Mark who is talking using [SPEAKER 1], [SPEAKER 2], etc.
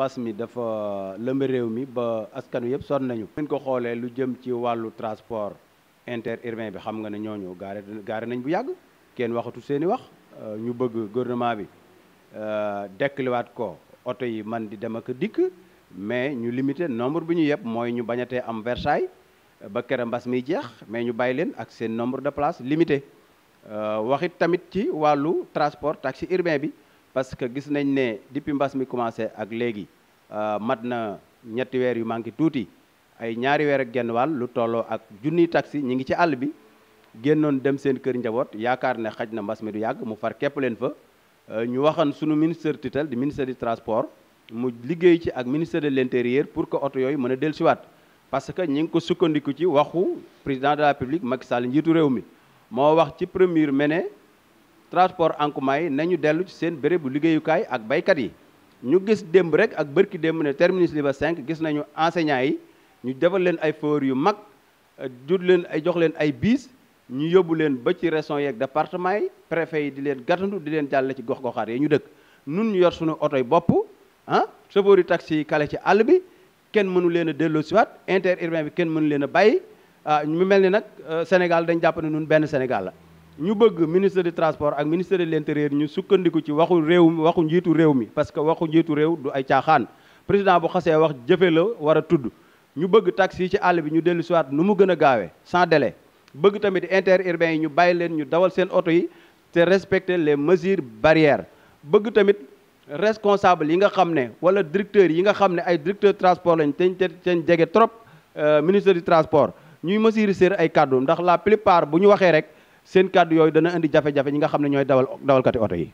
[SPEAKER 1] mbas mi dafa lëmb rew mi ba askan yeb son nañu. ko xolé lu jëm ci walu transport interurbain bi xam nga ne ñoñu gaare gaare nañ bu yàgg kenn waxatu seeni wax euh, ñu bëgg gouvernement bi euh, wat ko auto yi man di dem ak dik mais ñu limité nombre bu ñu yeb moy ñu bañaté am Versailles euh, ba kër mbas mi jeex mais ñu bay leen ak seen nombre de plus, limité waxit tamit ci walu transport taxi urbain bi. parce que gis nañ ne depuis mbas mi commencé ak léegi euh, mat na ñetti weer yu manqué tuuti ay ñaari weer ak genn wàll lu tolloo ak junniy taxi ñi ngi ci àll bi génnoon dem seen kër njaboot yaakaar ne xaj na mbas mi du yàgg mu far képp leen fa euh, ñu waxan sunu ministère tutelle di ministère du transport mu liggéey ci ak ministère de l'intérieur pour que oto yooyu mën a dellusiwaat parce que ñi ngi ko sukkandiku ci waxu président de la publique mag Sall njiitu réew mi transport en yi nañu dellu ci seen bérébu liggéeyukaay ak baykat yi ñu gis démb rek ak bërki démb ne terminus Liberté 5 gis nañu enseignants yi ñu defal leen ay foor yu mag euh, jut leen ay jox leen ay biis ñu yóbbu leen ba ci régions yeeg département yi préfet yi di leen gàttandu di leen jàll ci gox-goxaat yi ñu dëkk nun ñu yor suñu oto yi bopp ah chauffeur yi taxi yi kale ci àll bi kenn mënu leen a delloo siwaat inter urbain bi kenn mënu leen a bàyyi ah mu mel ni nag euh, Sénégal dañ jàpp ne nun benn Sénégal ñu bëgg ministre du transport ak ministre de l'intérieur ñu sukkandiku ci waxu réew waxu njiitu réew mi parce que waxu njiitu réew du ay caaxaan président bu xasee wax jëfe la war a tudd ñu bëgg taxi yi ci àll bi ñu dellu siwaat nu mu gën a gaawee sans délai bëgg tamit inter urbain yi ñu bàyyi leen ñu dawal seen oto yi te respecter les mesures barrières bëgg tamit responsable yi nga xam ne wala directeur yi nga xam ne ay directeur transport lañ teñ teñ jege trop euh, ministre du transport ñuy mesure seen ay kàddu ndax la plupart bu ñu waxee rek seen kàddu yooyu dana indi jafe-jafe ñi nga xam ne ñooy dawal dawalkati oto yi